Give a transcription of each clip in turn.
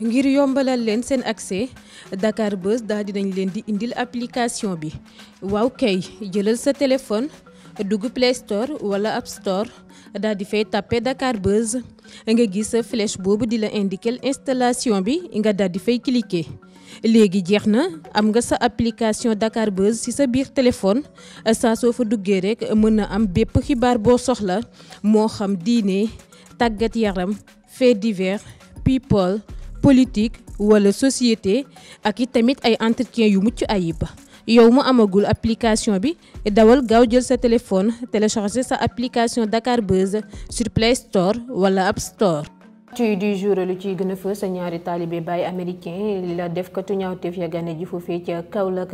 ngir yombalal leen seen accès Dakar Buzz di dinañ leen di indil application bi waaw kay jëlal sa téléphone dugg Play Store wala App Store daal di fay tapé Dakar Buzz nga gis sa flèche boobu di la indiquer installation bi nga dal di fay cliquer. léegi jeex na am nga sa application Dakar Buzz ci sa biir téléphone saa soo fa duggee rekk mën na am bépp xibaar boo soxla moo xam diine tàggat yaram fait divers people politique wala société ak it tamit ay entretien yu mucc ayib yow mu amagul application bi dawal gaaw jël sa téléphone télécharger sa application Dakar Buzz sur Play wala App Store. ci du jour lu ciy gën a fës ñaari taalibe Baay américain la def katu ñaawteef ya gane ji foofee ca Kaolack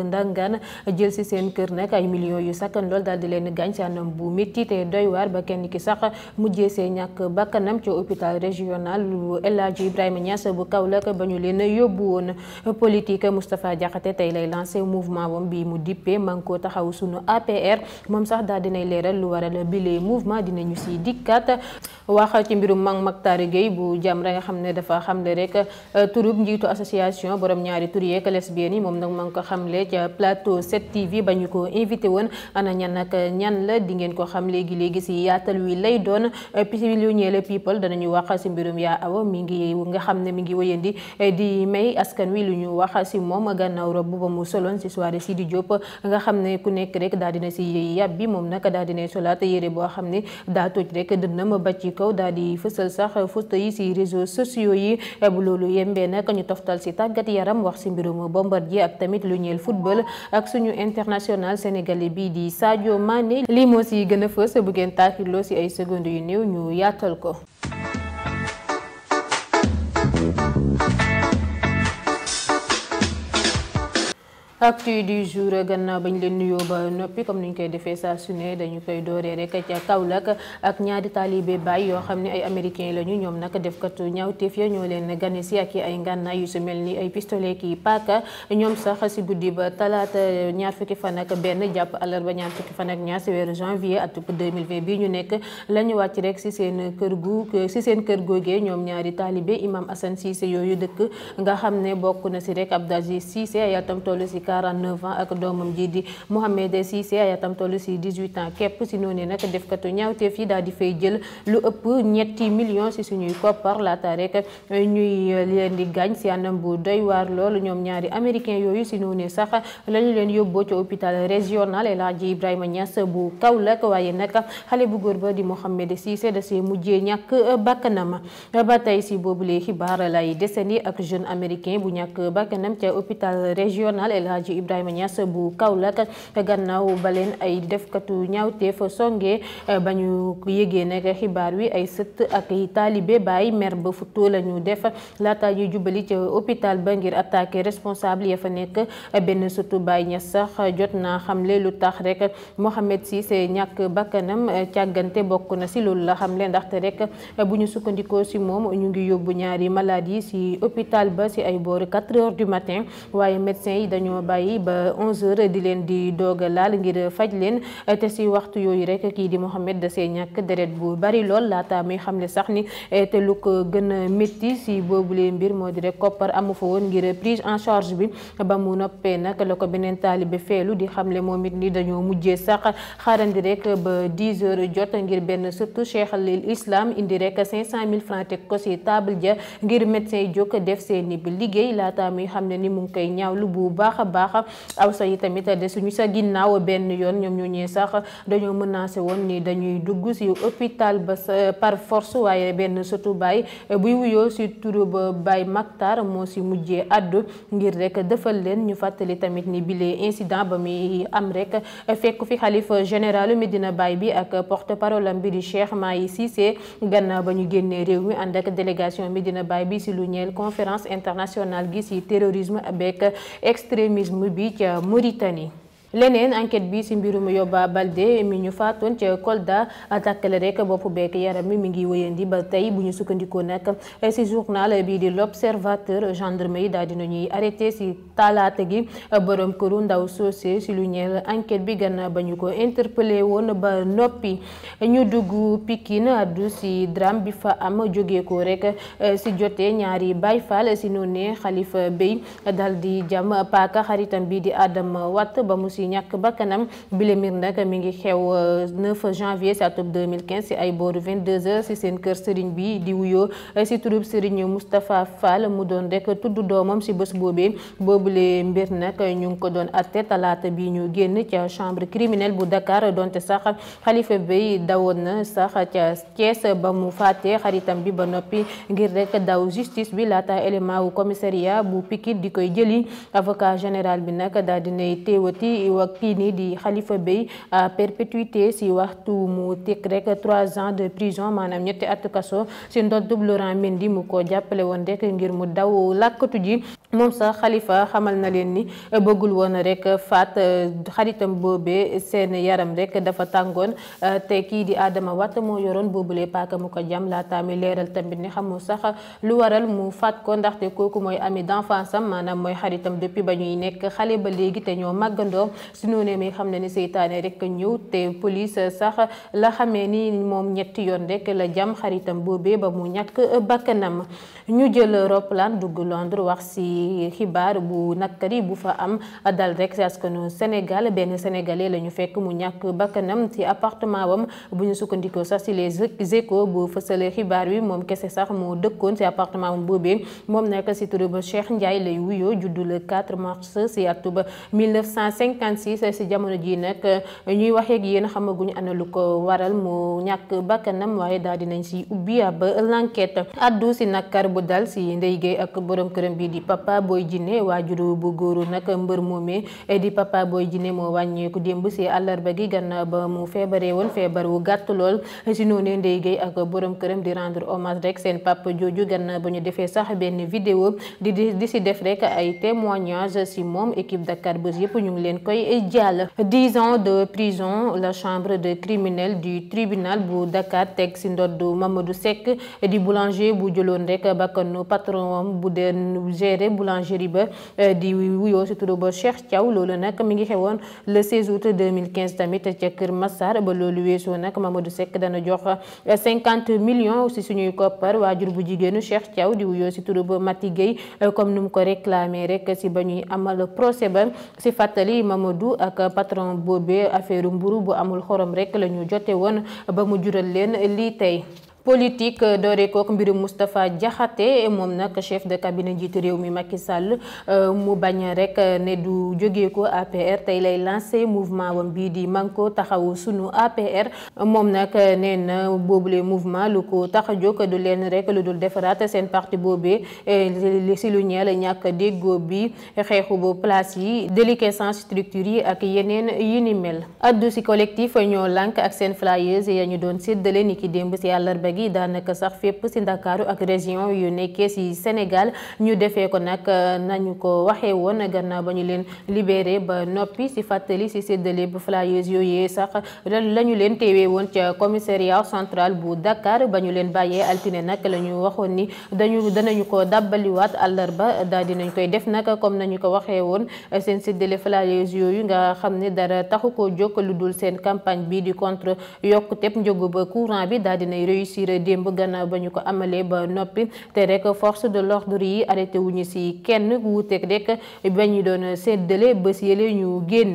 a jël si seen kër nag ay millions yu sakkan lool daal di leen gaañ ci anam bu métti te doy waar ba kenn ki sax mujjee see ñàkk bakkanam ca hôpital régional lu la Hadji Ibrahima Niass bu Kaolack ba ñu leen yóbbu woon politique Moustapha Diakhaté tey lay lancé mouvement wam bi mu dippee Manko Taxawu Sunu APR moom sax daal dinay leeral lu waral bile mouvement dinañu si dikkat wax ci mbirum Mame Mactar Guèye bu bu Jamra nga xam ne dafa xamle rek euh, turub njiitu association borom ñaari tur yeeg lesbiennes yi moom nag ma ba ñu ko invité woon ana ñan ak ñan la di ngeen ko xam léegi si yaatal wi lay doon pisi lu ñeele people danañu wax si mbirum yaa awa mi ngi nga xam ne mi ngi wëyandi euh, di may askan wi lu ñu wax si a gànnaaw rob ba mu soloon si soirée si di Diop nga xam ne ku nekk rek daal dina si yàb moom nag daal dina solaat yére boo xam ne daa toj rek dënnam ba ci kaw daal di fësal sax foto yi ci réseau sociaux yi bu loolu yembee nag ñu toftal si tàggat yaram wax si mbirum Bombardier ak tamit lu ñeel football ak suñu international sénégalais bii di Sadio Mané lii moo si gën a fës bu ngeen taaxirloo si ay secondes yu néew ñu yaatal ko. actu du jour gannaaw bañ leen nuyoo ba noppi comme ni ñu koy defee saa su ne dañu koy dooree rek ca Kaolack ak ñaari taalibe baay yoo xam ne ay américain lañu ñoom nag defkatu ñaawteef ya ñoo leen gane si ak i ay ngànnaay yu si mel ni ay ñoom sax si guddi ba talaata ñaar fukki fan ak benn jàpp àllarba ñaar fukki fan ak ñaar si weeru janvier atum 2020 bi ñu nekk la ñu wàcc rek si seen kër gu si seen kër googee ñoom ñaari taalibe imam Assane Cissé yooyu dëkk nga xam ne bokk na si rek Abdaziz Cissé ay atam toll si 49 ans ak doomam ji di Mohamed Cissé ayatam toll si 18 ans képp si noonu nag defkatu ñaawteef yi daal di fay jël lu ëpp ñetti millions si suñuy koppar laata rek ñuy leen di gaañ si anam bu doy waar lool ñoom ñaari américain yooyu si noonu sax lañu leen yóbboo ci hôpital régional El Hadji a Niass bu Kaolack waaye nag xale bu ba di Mohamed Cissé da see mujjee ñàkk bakkanam ba tey si boobule xibaar lay desandi ak jeune américain bu ñàkk bakkanam ca Alhaji Ibrahima Niass bu Kaolack gannaaw ba leen ay defkatu ñaawteef songe eh, ba ñu yëgee nag xibaar wi ay sët ak taalibe baay mer ba futtoo la ñu def laata ñuy jubali ca hôpital ba ngir attaque responsable ya fa nekk eh, benn sëtu baay Niass sax jot naa xamle lu tax rek si Cissé ñàkk bakkanam eh, càggante bokk na si loolu la xamle ndaxte rek bu sukkandikoo si moom ñu ngi yóbbu ñaari malade yi si hôpital ba si ay booru 4 heures du matin waaye médecin yi dañoo bàyyi ba 11 di leen di doog a laal ngir faj leen te si waxtu yooyu rek kii di Mohamed da see ñàkk deret bu bari lool laata muy xam ne sax ni eh, te lu ko gën a si boobu leen mbir moo di rek koppar amu fa woon ngir prise en charge bi ba mu noppee nag la ko beneen taalibe feelu di xamle moom it ni dañoo mujjee sax xaarandi rek ba 10h jot ngir benn surtout Cheikh al Islam indi rek 500000 francs teg ko si table ja ngir médecin yi jóg def seen i bu baax baax awsa yi tamit de suñu sa ginnaaw benn yoon ñoom ñoo ñee sax dañoo menacé woon ni dañuy dugg si hôpital ba sa par force waaye benn sotu baay buy wuyoo si turu ba Baye Maktar moo si mujjee àddu ngir rek defal leen ñu fàttali tamit ni bile incident ba muy am rek fekk fi xalifa général dina Baye bi ak porte parole am bi di Cheikh Mahi Cissé gannaaw ba ñu génnee réew mi ànd ak délégation Medina Baye bi si lu ñeel conférence internationale tourisme bi ca Mauritanie leneen enquête bi ci mbirum Yoba Baldé mi ñu faatoon ca Kolda tàkkale rek bopp beek yaram mi mi ngi wëyandi ba tey bu ñu sukkandikoo nag ci journal bii di l'Observateur gendarme yi daal dina ñuy arrêté ci talaata gi borom këru ndaw soose ci lu ñeel enquête bi gannaaw ba ñu ko interpellé woon ba noppi ñu dugg Pikine addu ci drame bi fa am jóge ko rek eh, ci jotee ñaari Baay Faal ci noonu ne Xalifa Bey dal di jam paaka xaritam bi di Adama Watt si ñàkk bakkanam bile mbir nag mi ngi xew 9 euh, janvier si atum 2015 si ay booru 22h si seen kër Serigne bi di wuyoo si euh, turub Serigne Moustapha Fall mu doon rek tudd doomam si bés boobee boobule mbir nag ñu ngi ko doon atte talaata bi ñu génn ca chambre criminelle bu Dakar donte sax xalifa bi dawoon na sax ca Thiès ba mu fàtte xaritam bi ba noppi ngir rek daw justice bi laata élément wu commissariat bu Pikine di koy jëli avocat général bi nag daal dinay yu kii nii di xalifa Bey à euh, perpétuité si waxtu mu tekk rek trois ans de prison maanaam ñetti at kaso si ndoddub Laurent Mendy mu ko jàppale woon rek ngir mu daw làkkatu ji moom sax xalifa xamal na leen ni bëggul woon rek faat euh, xaritam boobe seen yaram rek dafa tàngoon euh, te kii di Adama Watt moo yoroon boobule paaka mu ko jam laata mi leeral tamit ni xamul sax lu waral mu faat ko ndaxte kooku mooy ami d'enfance am maanaam mooy xaritam depuis ba ñuy nekk xale ba léegi te ñoo màggandoo si noonee mi xam ne ni seytaane rek ñëw te police sax la xamee ni moom ñetti yoon rekk la jam xaritam boobee ba mu ñàkk bakkanam ñu jël roplaan dugg Londres wax si xibaar bu nakari bu fa am dal rek si askanu Sénégal benn sénégalais la ñu fekk mu ñàkk bakkanam ci appartement wam bu ñu sukkandikoo sax si les échos bu fësale xibaar wi moom kese sax moo dëkkoon si appartement am boobee moom nekk si turu ba Cheikh Ndiaye lay wuyoo juddu le 4 mars si atub 56 si jamono ji nag eh, ñuy waxeeg yéen xamaguñu ana lu ko waral mu ñàkk bakkanam waaye daal nañ si ubbi ab l'enquête addu si nakar bu dal si Ndeye ak borom këram bi di Papa Boy Djiné waajuru bu góoru nag mbër moomee eh, di Papa booy Djiné moo wàññeeku démb si àllarba gi gannaaw ba mu feebaree woon feebar wu gàtt lool si noonu Ndeye ak borom këram di rendre hommage rek seen papa jooju gannaaw ba ñu defee sax benn vidéo di di si def rek ay témoignage si moom équipe Dakar Buzz yëpp ñu leen Ndoye Diallo ans de prison la chambre de criminel du tribunal bu Dakar teg ci ndodd Mamadou Seck di boulanger bu jëloon rek bakkanu patron bu deen géré boulangerie ba eh, di wuyoo ci turu ba Cheikh Thiaw loolu nag mi ngi xewoon le 16 août 2015 tamit ca Kër Massar ba loolu weesoo nag du Seck dana jox 50 eh, millions ci suñuy koppar waajur bu jigéenu Cheikh Thiaw di wuyoo ci turu ba eh, comme nu mu ko réclamé rek ci ba ñuy amal procès ba ci fàttali Mamadou Amadou ak patron boobee affaire mburu bu amul xorom rek la ñu jote woon ba mu jural leen lii tey politique euh, doore kook mbirum Moustapha Diakhaté moom nag chef de cabinet njiitu réew mi Macky Sall euh, mu bañ rek euh, ne du jóge ko APR tey lay lancé mouvement wam bii di Manko taxawu sunu APR moom nag nee na boobule mouvement lu ko tax a jóg du leen rek lu dul defaraat seen parti boobee si lu ñeel ñàkk déggoo bi xeexu ba place yi déliquescence structure yi ak yeneen yu ni mel addu si collectif ñoo lànk ak seen flyers ya ñu doon séddale ni ki démb si àllarba gi daanaka sax fépp si Ndakaaru ak région yu nekkee si Sénégal ñu defee ko nag euh, nañu ko waxee woon gannaaw ba ñu leen libéré ba noppi si fàttali si séddale bu flyers yooyu sax la ñu leen teewee woon ca commissariat central bu dakaar ba ñu leen bàyyee altine nag lañu waxoon ni dañu danañu ko dàbbaliwaat àllarba dal dinañ koy def nag comme nañu ko waxee woon seen séddale flyers yooyu nga xam ne dara taxu ko jóg lu dul seen campagne bi di contre ngir démb gannaaw ba ñu ko amalee ba noppi te rek force de l'ordre yi arrêté wuñu ci kenn wuuteeg rek ba ñu doon séddale bés yële ñu génn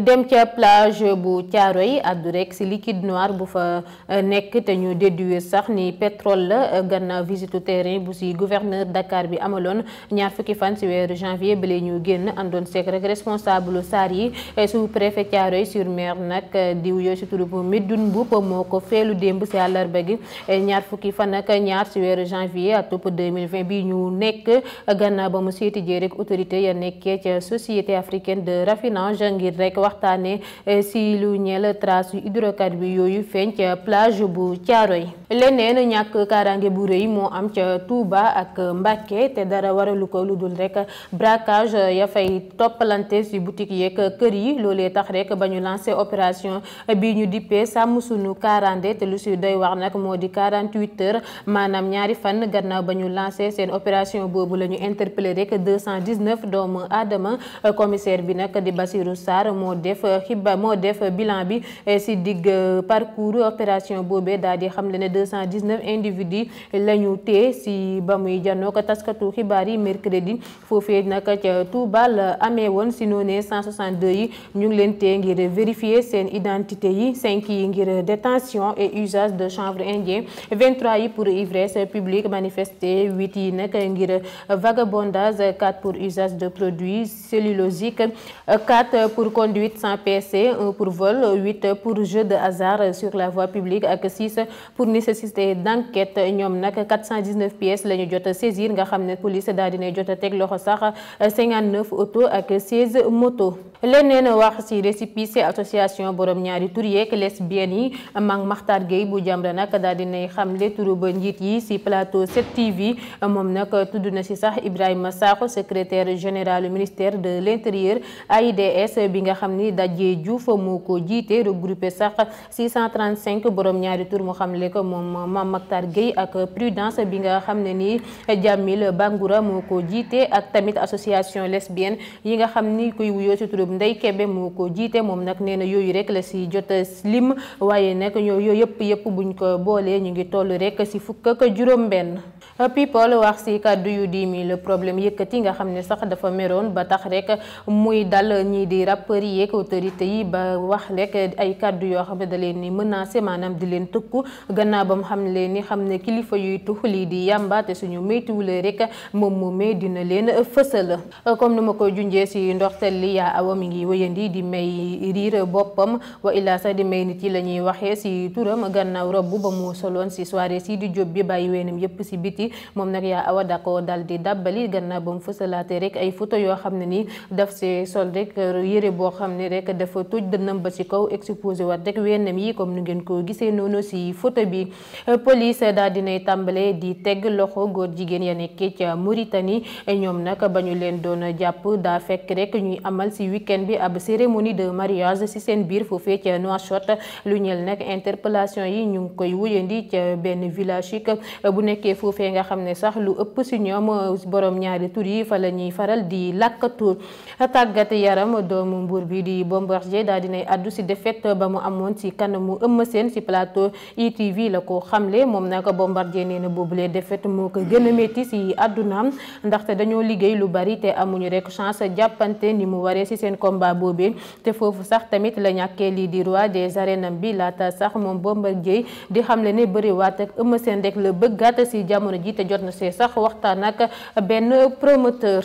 dem ca plage bu caaro yi addu rek si liquide noir bu fa euh, nekk te ñu déduire sax ni pétrole la euh, gannaaw visite terrain bu si gouverneur Dakar bi amaloon ñaar fukki fan si weeru janvier bale ñu génn doon seek rek responsable SAR yi euh, sous préfet Thiaroye sur mer nag diw yooyu si turu bu Medoune moo ko feelu démb si àllarba gi ñaar fukki fan ak ñaar si weeru janvier atub 2020 bi ñu nekk gannaaw ba mu seeti jee rek autorité ya nekkee ca société africaine de raffinage waxtaanee eh, si lu ñeel trace yu bi yooyu feeñ ca plage bu caaro Thiaroye leneen ñàkk kaaraange bu rëy moo am ca Touba ak Mbacké te dara waralu ko lu dul rekk braquage ya fay toppalante si boutique yeeg kër yi loolee tax rekk ba ñu lancé opération bi ñu dippee sàmm sunu kaaraange te lu si doy wax nag moo di 48 heures maanaam ñaari fan gannaaw ba ñu lancé seen opération boobu la ñu interpellé rek 219 doomu aadama commissaire bi nag di Basirou Sarr moo def xibaar moo def bilan bi eh, si digg euh, parcours opération boobee daal di xam le ne 219 individus la ñu tee si ba muy janoo ko taskatu xibaar yi mercredi foofee nag ca Touba la amee woon si noonee 162 yi ñu ngi leen tee ngir vérifier seen identité yi cinq yi ngir détention et usage de chanvre indien 23 yi pour ivresse publique manifesté 8 yi nag ngir vagabondage 4 pour usage de produits cellulosiques 4 pour conduite 800 PC 1 pour vol 8 pour jeu de hasard sur la voie publique ak 6 pour nécessité d'enquête ñoom nag 419 pièces la ñu jot a saisir nga xam ne police daal dina jot a teg loxo sax 59 auto ak 16 moto leneen wax ci récépissé association borom ñaari tur yeeg lesbiennes yi Mang Makhtar Gueye bu Jamra nag daal dinay xamle turu ba njiit yi ci plateau 7TV moom nag tudd na ci sax Ibrahima Sakho secrétaire général ministère de l'intérieur AIDS bi nga xam xam ni dajee Diouf moo ko jiite regroupé sax 635 borom ñaari tur mu xamle ko moom Mame Mactar Gueye ak prudence bi nga xam ne ni Jamil Bangoura moo ko jiite ak tamit association lesbienne yi nga xam ni kuy wuyoo ci turub Ndey Kebe moo ko jiite moom nag nee na yooyu rek la si jot lim waaye nekk ñoo yooyu yëpp yëpp buñ ko boolee ñu ngi toll rek si fukk ak juróom-benn. Euh, people wax ci kàddu yu di mi le problème yëkkati nga xam ne sax dafa meroon ba tax rek muy dal ñii di rappeurs yi ak yi ba wax rek ay kàddu yoo xam ne da leen ni menacé maanaam di leen tëkku gannaaw ba mu xam leen ni xam ne kilifa yuy tux lii di yàmba te suñu moytuwulee rek moom moomee dina leen fësal euh, comme nu ma koy junjee ci ndorteel li yaa awa mi wëyandi di may riir boppam wa illaa sax di may nit yi la ñuy waxee ci turam gannaaw robb ba mu soloon ci soirée ci di job bi bàyyi weenam yëpp ci biti ki moom nag yaa awa da ko dal di dàbbali gannaaw ba mu fësalaate rek ay photo yoo xam ne nii daf si sol rek yére boo xam ne rek dafa tuj dënnam ba si kaw exposé wat rek wennam yi comme nu ngeen ko gisee noonu si photo bi police daal dinay tàmbale di teg loxo góor jigéen ya nekkee ca Mauritanie ñoom nag ba ñu leen doon jàpp daa fekk rek ñuy amal si week-end bi ab cérémonie de mariage si seen biir foofee ca Nouakchott lu ñeel nag interpellation nga xam ne sax lu ëpp si ñoom euh, borom ñaari tur yi fa la ñuy faral di làkkatu tàggat yaram doomu mbuur bi di Bombardier daal dinay àddu si défaite ba mu amoon ci si kanamu Eumeu seen si plateau ITV e la ko xamle moom nag Bombardier nee na boobule défaite moo ko gën a métti si àddunaam ndaxte dañoo liggéey lu bari te amuñu rek chance jàppante ni mu waree si seen combat boobee te foofu sax tamit la ñàkkee lii di roi des arènes bi laata sax moom Bombardier ji jot na see sax waxtaan ak benn promoteur.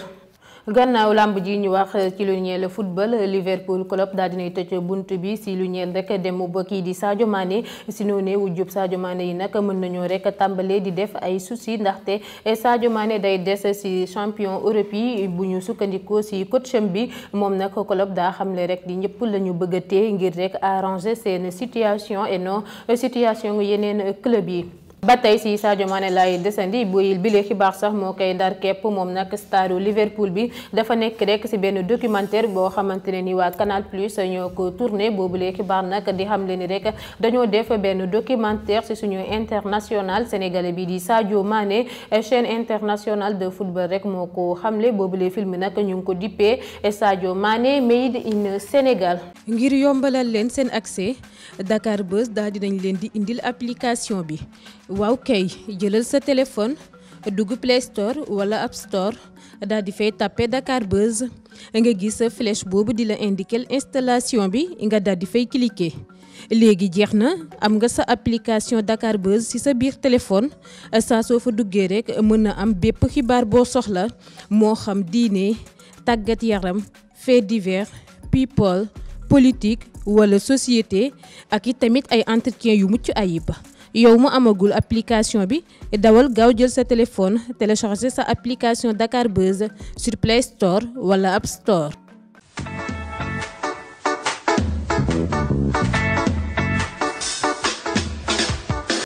gannaaw làmb ji ñu wax ci lu ñeel football Liverpool club daal dinay tëj bunt bi si lu ñeel rek dem ba yi di Sadio Mané si noonee wu jub Sadio yi nag mën nañoo rek tàmbalee di def ay souci ndaxte Sadio Mané day des si champion Europe yi bu ñu sukkandikoo si coacham bi moom nag club daa xamle rek di ñëpp la ñu bëgg a téye ngir rek arranger seen situation et non situation yeneen club yi. ba tey si Sadio maane lay desandi buy bile xibaar sax moo koy ndar képp moom nag staru Liverpool bi dafa nekk rekk si benn documentaire boo xamante ne ni waa Canal Plus ñoo ko tourné boobule xibaar nag di xam leen ni rek dañoo def benn documentaire si suñu international sénégalais bi di Sadio Mané chaîne internationale de football rek moo ko xamle boobule film nag ñu ngi ko dippee Sadio Mané made in Sénégal. ngir yombalal leen seen accès Dakar Buzz daal dinañ leen di indil application bi. waaw kay jëlal sa téléphone dugg Play Store wala App Store daal di fay tapé Dakar Buzz nga gis flèche boobu di la indiquer installation bi nga dal di fay cliquer léegi jeex na am nga sa application Dakar Buzz ci sa biir téléphone saa soo fa duggee rekk mën na am bépp xibaar boo soxla moo xam diine tàggat yaram fait divers people politique wala société ak i tamit ay entretien yu mucc ayib. yow mu amagul application bi dawal gaaw jël sa téléphone télécharger sa application Dakar Buzz sur Play wala App Store.